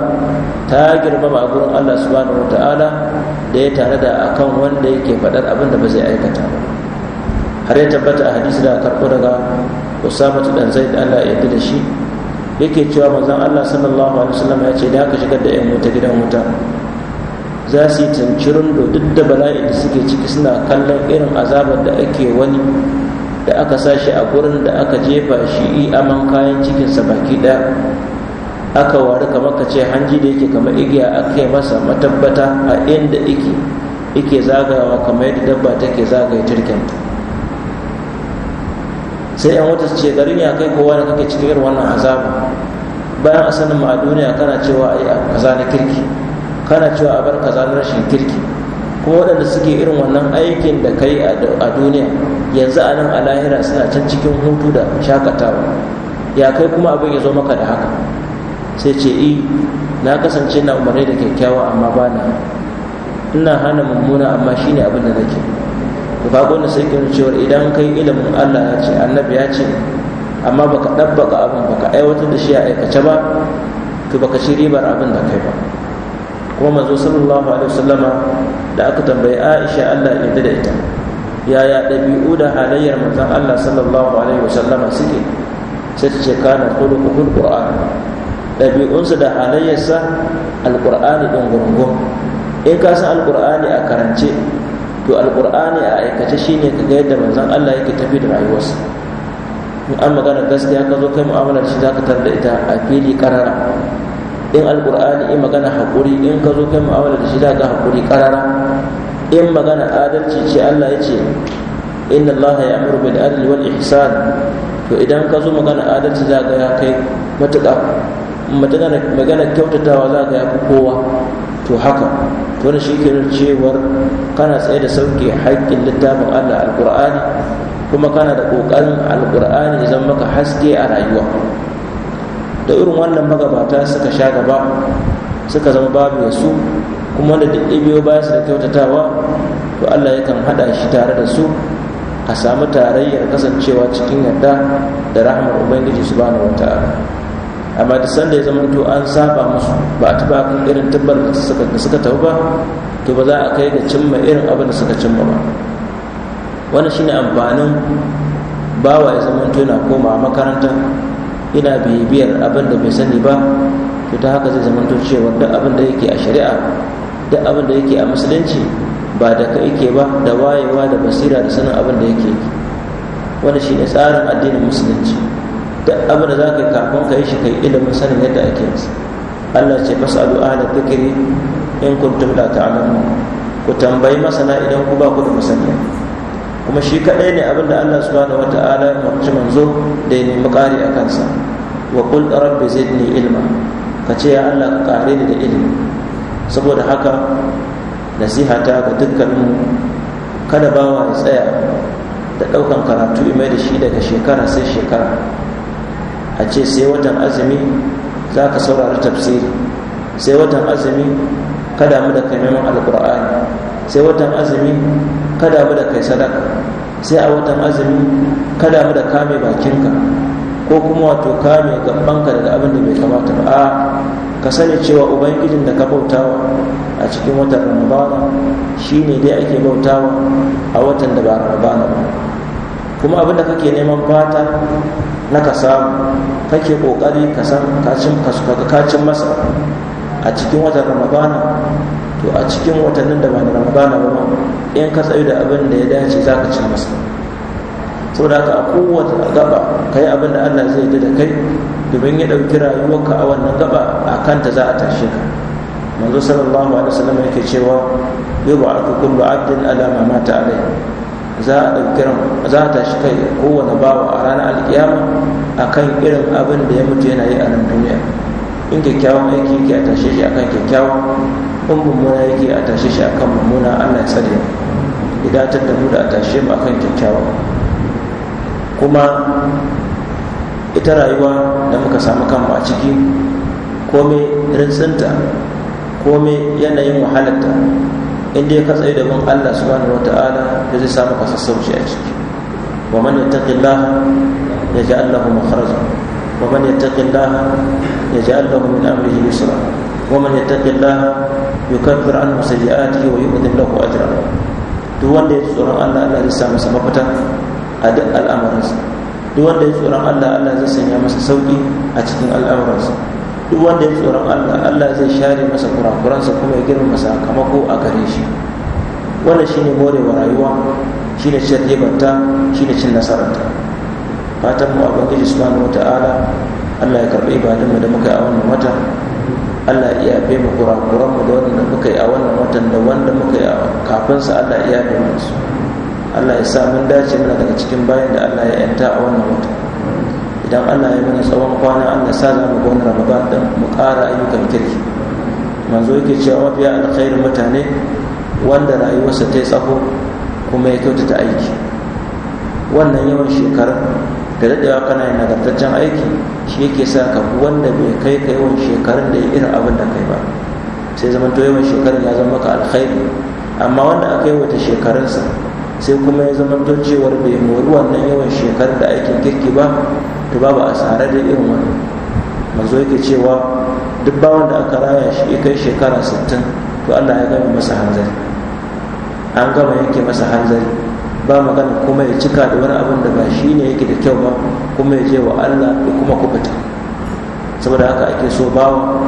ta girmama a gurin Allah subhanahu wata'ala da ya tare da akan wanda yake faɗar abin da ba zai aikata ba har ya tabbata a hadisi da karɓo daga usama dan zaid Allah ya yarda da shi yake cewa manzon Allah sallallahu alaihi wasallam ya ce da aka shigar da yan wuta gidan wuta za su yi tancirin duk da bala'i da suke ciki suna kallon irin azabar da ake wani da aka sashi a gurin da aka jefa shi aman kayan cikinsa baki ɗaya aka wari kamar ka ce hanji da yake kamar igiya aka yi masa matabbata a inda ike yake zagawa kamar yadda dabba take zagaye turkenta sai yan wata ce garin ya kai kowa da kake cikin wannan azabu bayan a sanin ma a duniya kana cewa ai a kaza na kirki kana cewa a bar kaza na rashin kirki kuma waɗanda suke irin wannan aikin da kai a duniya yanzu a nan a lahira suna can cikin hutu da shakatawa ya kai kuma abin ya zo maka da haka sai ce i na kasance na umarni da kyakkyawa amma ba na ina hana mummuna amma shine abin da nake to ka gona sai ka cewa idan kai ilimin Allah ya ce annabi ya ce amma baka dabbaka abin baka aiwatar da shi a aikace ba to baka ci ribar abin da kai ba kuma manzo sallallahu alaihi wasallama da aka tambayi Aisha Allah ya yarda da ita yaya ɗabi'u da halayyar manzon Allah sallallahu alaihi wasallama suke sai ta ce kana khuluquhul qur'an ɗabi'unsa da halayyarsa alqur'ani din gurgun in ka san alqur'ani a karance to Alƙur'ani a aikace shine ka ga yadda manzon Allah yake tafi da rayuwarsa in an magana gaskiya ka zo kai mu'amalar shi zaka tarda ita a fili karara in Alƙur'ani in magana hakuri in ka zo kai mu'amalar shi zaka hakuri karara in magana adalci ce Allah ya ce inna Allah ya amuru bil adli wal ihsan to idan ka zo magana adalci za ga ya kai matuƙa magana kyautatawa za ga ya fi kowa to haka wani shi ke cewar kana tsaye da sauke haƙƙin littafin allah alƙur'ani kuma kana da ƙoƙarin alƙur'ani ya zama maka haske a rayuwa da irin wannan magabata suka sha gaba suka zama babu su kuma da duk ɗabiyo baya su da kyautatawa to allah yakan haɗa shi tare da su a samu tarayyar kasancewa cikin yadda da rahmar ubangiji subhanahu wata'ala amma da sanda ya zama to an saba musu ba a taba kan irin tabbar da suka tafi ba to ba za a kai ga cimma irin abin da suka cimma ba wannan shine amfanin bawa ya zama to yana koma makaranta ina bibiyar abin da bai sani ba to ta haka zai zama to cewa duk abin da yake a shari'a duk abin da yake a musulunci ba da ka yake ba da wayewa da basira da sanin abin da yake wannan shine tsarin addinin musulunci duk abin da za ka kafin ka yi shi ka yi ilimin sanin yadda ake yi Allah ce fasalu ahla dhikri in kuntum la ta'lamun ku tambayi masana idan ku ba ku da masaniya kuma shi kaɗai ne abin da Allah subhanahu ta'ala ya umarci manzo da ya nemi ƙari a kansa wa qul rabbi zidni ilma ka ce ya Allah ka ƙare ni da ilimi saboda haka nasihata ga dukkanin kada bawa ya tsaya da ɗaukan karatu mai da shi daga shekara sai shekara a ce sai watan azumi za ka saurari tafsiri sai watan azumi ka damu da kai neman alkur'ani sai watan azumi ka damu da kai sadaka sai a watan azumi ka damu da kame bakinka ko kuma wato kame gabanka daga abin da bai kamata ba a ka sani cewa ubangijin da ka bautawa a cikin watan ramadana ne dai ake bautawa a watan da ba ramadana ba kuma abin da kake neman fata na ka samu kake kokari ka san kacin masa a cikin watan ramadana to a cikin watannin da ba na ramadana ba in ka tsayu da abin da ya dace za ka ci masa saboda haka a kowace gaba ka yi abin da allah zai yi da kai domin ya ɗauki rayuwarka a wannan gaba a kanta za a tashe ka manzo sallallahu alaihi wasallam yake cewa yau ba kullu abdin ala ma mata alai za a ɗauki za a tashi kai kowane bawa a ranar alkiyama a kan irin abin da ya mutu yana yi a nan duniya in kyakkyawan aiki yake a tashe shi akan kyakkyawan in mummuna yake a tashe shi akan mummuna allah ya tsare ya da mu da a tashe mu akan kyakkyawan kuma ita rayuwa da muka samu kanmu a ciki komai rintsinta komai yanayin wahalarta in dai ka tsaye da bin Allah subhanahu wata'ala da zai samu ka sassauci a ciki wa man yattaqillah yaj'al lahu makhraja wa man yattaqillah yaj'al lahu min amrihi yusra wa man yattaqillah yukaffir anhu sayi'atihi wa yu'tihi lahu ajran duk wanda ya tsoron Allah Allah zai samu masa mafita a duk al'amuransa duk wanda ya tsoron Allah Allah zai sanya masa sauki a cikin al'amuransa duk wanda ya tsoron Allah Allah zai share masa kurakuransa kuma ya girma sakamako a gare shi wannan shine morewa rayuwa shine cin ribarta shine cin nasararta fatan mu ubangiji subhanahu wata'ala Allah ya karbi ibadun mu da muka yi a wannan wata Allah ya yabe mu kurakuran mu da wanda muka yi a wannan watan da wanda muka yi kafin sa Allah ya yabe mu Allah ya sa mun dace muna daga cikin bayan da Allah ya yanta a wannan watan idan allah ya mana tsawon kwana allah sa za mu gona ramadan da mu kara ayyukan kirki manzo yake cewa mafiya alkhairin mutane wanda rayuwarsa ta yi tsaho kuma ya kyautata aiki wannan yawan shekarun da daɗewa kana yin nagartaccen aiki shi yake sa ka wanda bai kai ka yawan shekarun da ya irin abin da kai ba sai zama to yawan shekarun ya zama maka alkhairi amma wanda aka yi wata shekarunsa sai kuma ya zama to cewar bai mori wannan yawan shekarun da aikin kirki ba to babu asara da irin wani manzo yake cewa duk bawan da aka raya shi ya kai shekara 60 to Allah ya gama masa hanzari an gama yake masa hanzari ba magana kuma ya cika da wani abin da ba shi ne yake da kyau ba kuma ya je wa Allah ya kuma kubuta saboda haka ake so bawa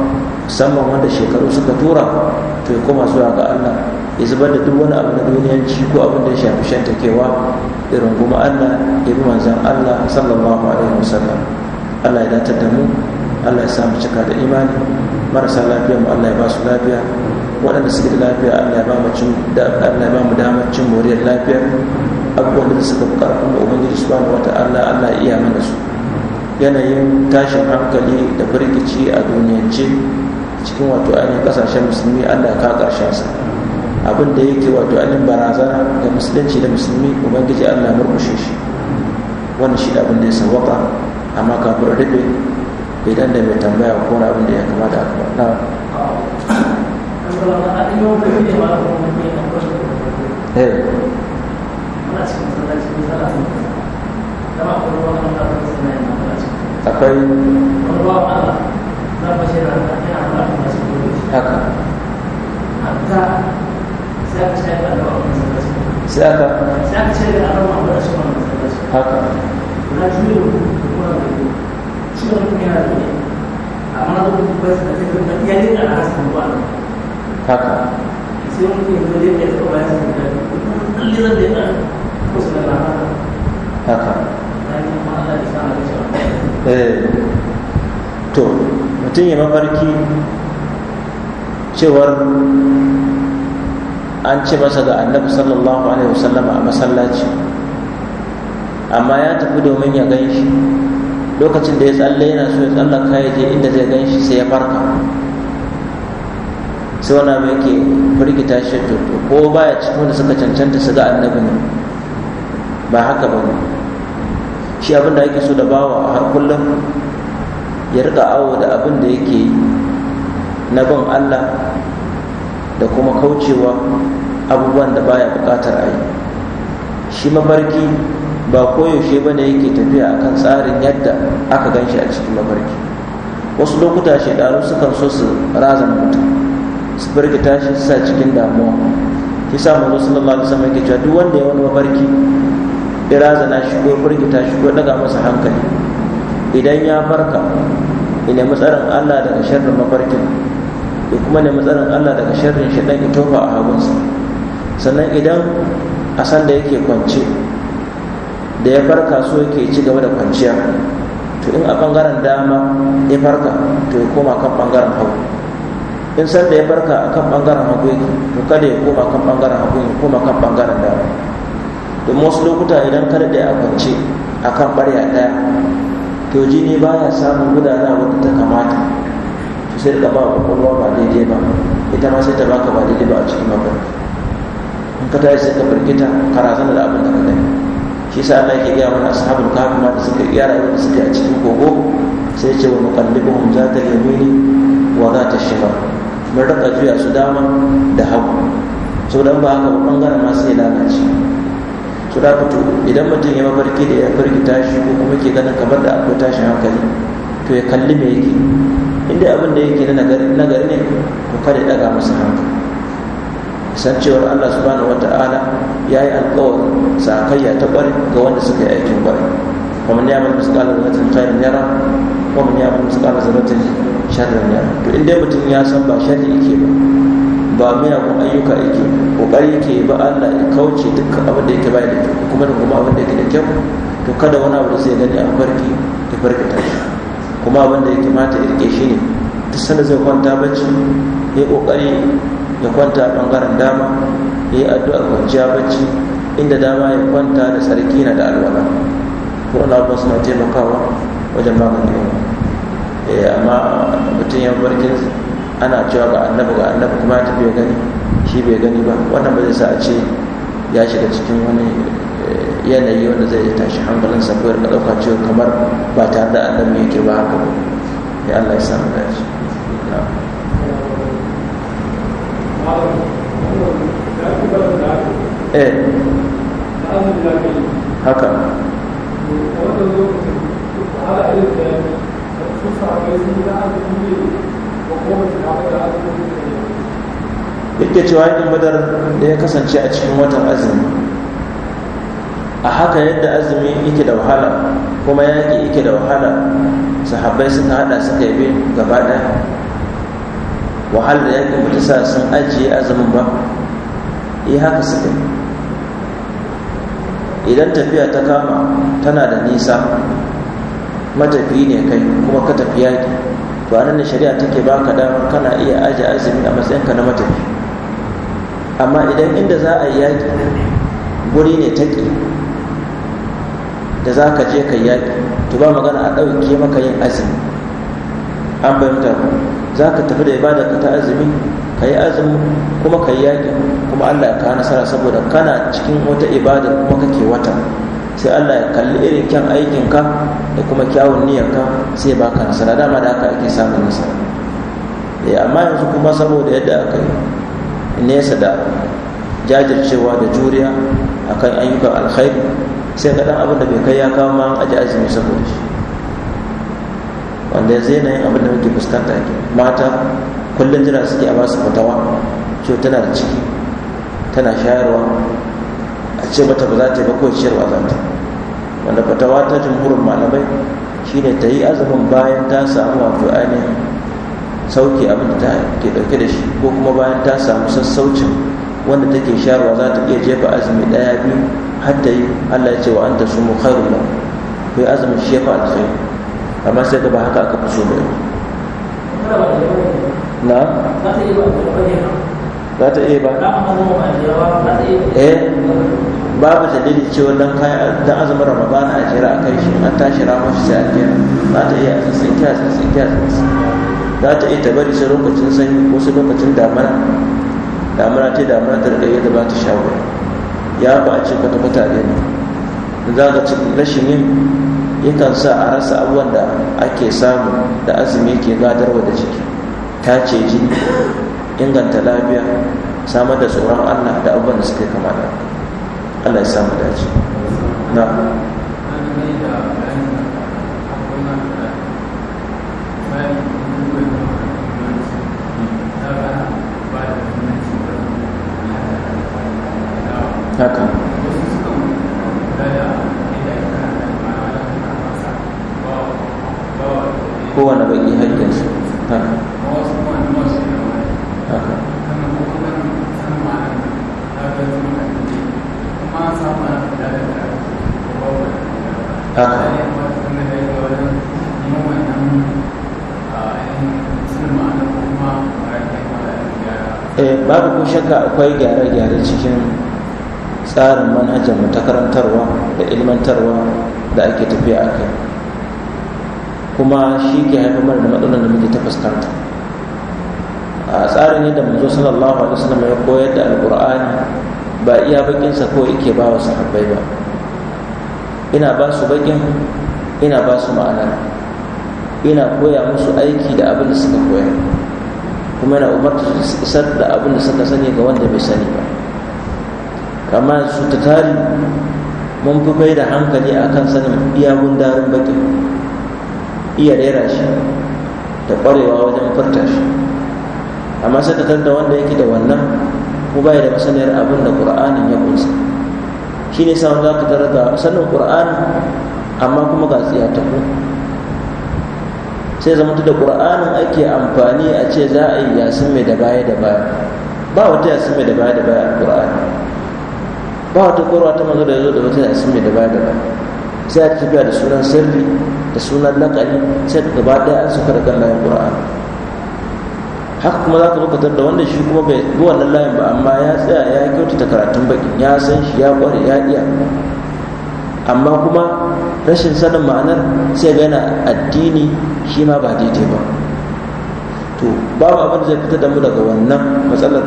musamman wanda shekaru suka tura to ya koma zuwa ga Allah ya zubar da duk wani abu na duniyanci ko abin da ya shafi shantakewa irin kuma Allah ya bi Allah sallallahu alaihi wasallam Allah ya datar da mu Allah ya samu cika da imani marasa lafiya mu Allah ya ba su lafiya waɗanda suke da lafiya Allah ya ba mu cin Allah ya ba mu damar cin moriyar lafiya abubuwan da suka fi karfin ubangiji subhanahu wata'ala Allah ya iya mana su yanayin tashin hankali da firgici a duniyance cikin wato ainihin ƙasashen musulmi Allah ka karshen sa abin da yake wato ainihin barazana ga musulunci da musulmi ubangiji allah murkushe shi wannan shi abin da ya sawaka amma kafin rufe idan da mai tambaya ko wani abin da ya kamata a na eh. akwai haka sai aka haka haka haka eh. to mutum ya mafarki cewar an ce masa ga annabi sallallahu alaihi wasallama a masallaci amma ya tafi domin ya gan shi lokacin da ya tsalle yana so ya tsallaka ya je inda zai gan shi sai ya farka sai wani abu yake firgita shi to ko baya cikin wanda suka cancanta su ga annabi ne ba haka ba ne shi abin da ake so da bawa har kullum ya riƙa awo da abin da yake yi na bin allah da kuma kaucewa abubuwan da baya bukatar a yi shi mafarki ba koyaushe ba ne yake tafiya a kan tsarin yadda aka gan shi a cikin mafarki wasu lokuta shaidaru sukan so su razana mutum su firgita shi sa cikin damuwa shi sa manzo sallallahu alaihi wasallam yake cewa duk wanda ya wani mafarki ya na shi ko firgita tashi ko daga masa hankali idan ya farka ina matsarin Allah daga sharrin mafarkin da kuma ne matsalar Allah daga sharrin shi ya itofa a hagunsa sannan idan a san da yake kwance da ya farka so yake ci gaba da kwanciya to in a ɓangaren dama ya farka to ya koma kan ɓangaren hagu in san da ya farka a kan ɓangaren hagu yake to kada ya koma kan ɓangaren hagu ya koma kan ɓangaren dama domin wasu lokuta idan kada da a kwance a kan ɓarya ɗaya to jini baya samun gudanarwa da ta kamata sai ka ba kwakwalwa ba daidai ba ita ma sai ta baka ba daidai ba a cikin magana in ka tashi sai ka firgita karatun da abin da ka gani shi sa Allah yake gaya mana ashabul kafi ma da suka iya rayuwa da suke a cikin kogo sai ce wa muqallibuhum zata yamini wa zata shimal mun rika juya su dama da hagu so dan ba haka bangaren ma sai lalace su da fito idan mutum ya mafarki da ya firgita shi ko kuma ke ganin kamar da akwai tashin hankali to ya kalli me yake inda abin da yake na nagari ne to kada ya daga masa hankali san cewar Allah subhanahu wata'ala ya yi alkawar sakayya ta kwarai ga wanda suka yi aikin kwarai wa man ya'mal misqala dharratin khairan yara ne man ya'mal misqala dharratin sharran yara to inda mutum ya san ba sharri yake ba ba miyagun ayyuka yake kokari yake ba Allah ya kauce dukkan abin da yake bai da kuma da kuma abin da yake da kyau to kada wani abu da zai gani a farki ya farkata shi kuma abin da ya kamata ya shi ne ta sanda zai kwanta bacci ya kokari ya kwanta a bangaren dama ya yi addu'a kwanciya bacci inda dama ya kwanta da tsarki na da alwala ko na abu suna taimakawa wajen magani yawa eh, amma mutum ya barkin ana cewa ga annabi ga annabi kuma ya tafi ya gani shi bai gani ba wannan ba zai sa a ce ya shiga cikin wani yanayi wanda zai iya tashi hankalin sa kawai ka ɗauka cewa kamar ba tare da annabi yake ba haka ba ya Allah ya samu dace eh haka yake cewa yin madar da ya kasance a cikin watan azumi a haka yadda azumi yake da wahala kuma yaƙi yake da wahala sahabbai suka hada suka yabe gaba ɗaya wahala da yaƙin ba ta sa sun ajiye azumin ba yi eh, haka suka idan tafiya ta kama tana da nisa matafi ne kai kuma ka tafi yaƙi to a nan shari'a take baka damar kana iya aje azumi a matsayinka na matafi amma idan inda za a yi yaƙi guri ne ƙi. da za ka je ka yaƙi to ba magana a ɗauke maka yin azumi an fahimta ku za ka tafi da ibada ka ta azumi ka yi azumi kuma ka yi yaƙi kuma allah ya kawo nasara saboda kana cikin wata ibada kuma kake wata sai allah ya kalli irin kyan aikinka da kuma kyawun niyyarka sai ba ka nasara dama da haka ake samun nasara eh amma yanzu kuma saboda yadda aka yi nesa da jajircewa da juriya akan ayyukan alkhairi sai ga dan abin da bai kai ya kawo ma aji azumi saboda shi wanda na yin abin da muke fuskanta ke mata kullum jira suke a basu fatawa ce tana da ciki tana shayarwa a ce mata ba za ta yi ba kawai ciyarwa za ta wanda fatawa ta jumhurin malamai shine ta yi azumin bayan ta samu wato ainihin sauke abin da ta ke dauke da shi ko kuma bayan ta samu sassaucin wanda take shayarwa za ta iya jefa azumi ɗaya biyu hatta yi Allah ya ce wa anta sumu khairul lahu ku azumi shi ya fa alkhairi amma sai ga ba haka aka fi so ba na za ta iya ba eh babu dalili cewa dan kai dan azumin ramadana a jira akai shi an tashi ramar shi sai a jira za ta iya a sun kya sun kya za ta iya tabari sai lokacin sanyi ko sai lokacin damana damana ce damana ta rika yadda ba ta sha ya ɓace a ce mutane ne za ka ci rashin yin yakan sa a rasa abubuwan da ake samu da azumi ke gadarwa da ciki ta ce jini inganta lafiya samar da tsoron allah da abubuwan da suka kama da allah ya samu dace na haka kowane baki haƙƙin shi haka haka eh, babu ko shakka akwai gyare-gyare cikin tsarin manhajar mu ta karantarwa da ilmantarwa da ake tafiya a kai kuma shi ke haifar mana da matsalar da muke ta fuskanta a tsarin yadda manzo sallallahu alaihi wasallam ya koyar da alqur'ani ba iya bakin sa ko yake ba wa sahabbai ba ina ba su bakin ina ba su ma'ana ina koya musu aiki da abin da suka koya kuma yana umarta su isar da abin da suka sani ga wanda bai sani ba kama su ta tari mun fi mai da hankali a kan sanin iyagun darin bakin iya rera shi da ƙwarewa wajen furta shi amma sai ka da wanda yake da wannan ko bai da masaniyar abin da ƙur'anin ya kunsa shi ne samun za ka tarda sanin ƙur'ani amma kuma ga tsiya ta ku sai zama da ƙur'anin ake amfani a ce za a yi yasin mai da baya da baya ba wata yasin mai da baya da baya a ƙur'ani ba wata korwa ta mazo da ya zo da wata yasin mai dabaya daban sai a tafiya da sunan sirri da sunan lakali sai gaba ɗaya an suka da kan layin ƙura'an haka kuma za ka bukatar da wanda shi kuma bai bi wannan layin ba amma ya tsaya ya kyautata karatun baki, ya san shi ya ƙware ya iya amma kuma rashin sanin ma'anar sai ga yana addini shi ma ba daidai ba to babu abin da zai fitar da mu daga wannan matsalar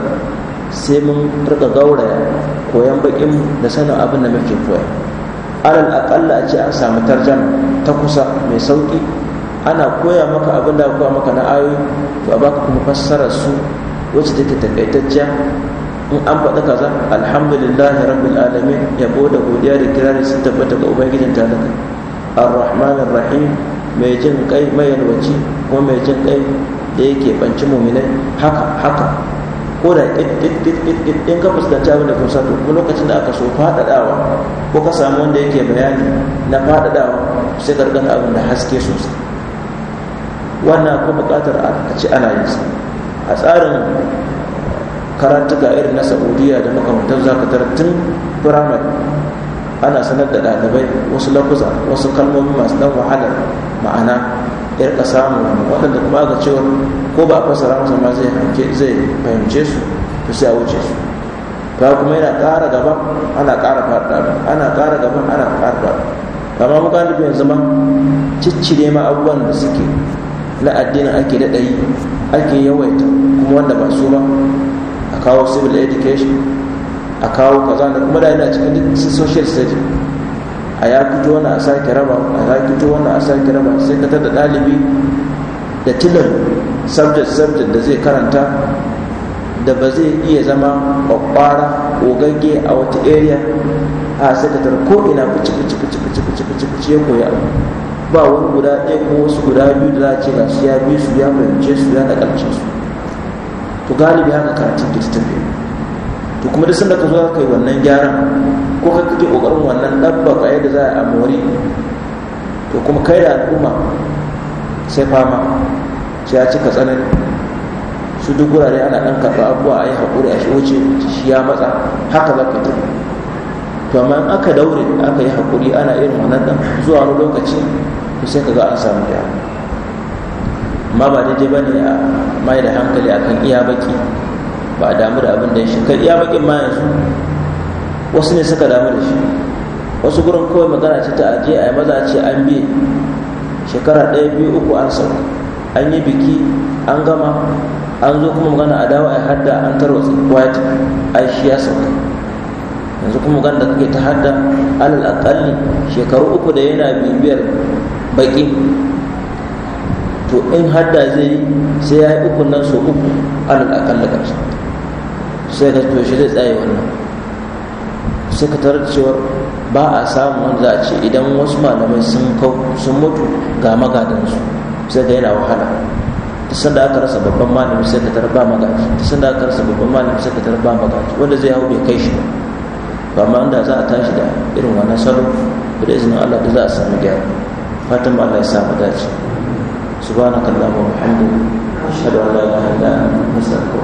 sai mun rika gauraya koyan bakin da sanin abin da muke koya alal aƙalla a ce an samu tarjan. ta kusa mai sauki. ana koya maka abin da koya maka na ayoyi to a baka kuma fassarar su wacce take takaitacciya in an faɗi kaza alhamdulillahi rabbil alamin yabo da godiya da kirari sun tabbata ga ubangijin talaka ar-rahman rahim mai jin kai mai yalwaci kuma mai jin kai da yake banci muminai haka haka ko da in ka fuskanci abin da kusa to kuma lokacin da aka so faɗaɗawa ko ka samu wanda yake bayani na faɗaɗawa sai ka abin da haske sosai wannan akwai buƙatar a ci ana yin a tsarin karantuka irin na saudiya da makamantar zakatar tun firamare ana sanar da ɗalibai wasu lafuza wasu kalmomi masu ɗan wahalar ma'ana ya rika samu waɗanda kuma ga cewa ko ba a fassara masa ma zai fahimce su to sai a wuce su ba kuma yana ƙara gaba ana ƙara faɗa ana ƙara gaba ana ƙara faɗa amma mu da yanzu ma ciccire ma abubuwan da suke na addinin ake daɗa yi ake yawaita kuma wanda ba su ba a kawo civil education a kawo kaza da kuma da yana cikin social studies a ya fito wani a sake raba a ya fito wani a sake raba sai ka tada ɗalibi da tilar subject subject da zai karanta da ba zai iya zama kwakwara ogagge a wata area a sakatar ko ina fici fici fici fici fici fici fici ya koya ba wani guda ɗaya ko wasu guda biyu da za a ce ga su ya bi su ya fahimce su ya nakalce su to galibi haka karatun da ta tafiya to kuma da sanda ka zo ka yi wannan gyaran ko ka kake kokarin wannan dabba ka yadda za a mori to kuma kai da al'umma sai fama shi ya cika tsanani su duk wurare ana dan karɓa abubuwa a yi haƙuri a shi wuce shi ya matsa haka za ka ta to amma in aka daure aka yi haƙuri ana irin wannan dan zuwa wani lokaci to sai ka ga an samu da amma ba daidai ba ne a mai da hankali akan iya baki ba a damu da abin da ya shi kai iya bakin ma yanzu wasu ne suka damu da shi wasu gurin kawai magana ce ta aje a yi maza ce an bi shekara ɗaya biyu uku an sauka an yi biki an gama an zo kuma magana a dawa a hadda an tarwatsa white ai shi ya sauka yanzu kuma magana da kake ta hadda alal akalli shekaru uku da yana bibiyar baki to in hadda zai yi sai ya yi uku nan so uku alal akalla ƙarshe sai ka to shi zai tsaye wannan suka tarar cewar ba a samu wanda za a ce idan wasu malamai sun sun mutu ga magadansu sai ga yana wahala ta sanda aka rasa babban malamin sai ka tarar ba magaji ta sanda aka rasa babban malamin sai ka tarar ba magaji wanda zai hau bai kai shi ba amma inda za a tashi da irin wannan salo da izinin Allah da za a samu gyara fatan Allah ya samu dace subhanakallahumma wa bihamdika ashhadu an la ilaha illa anta astaghfiruka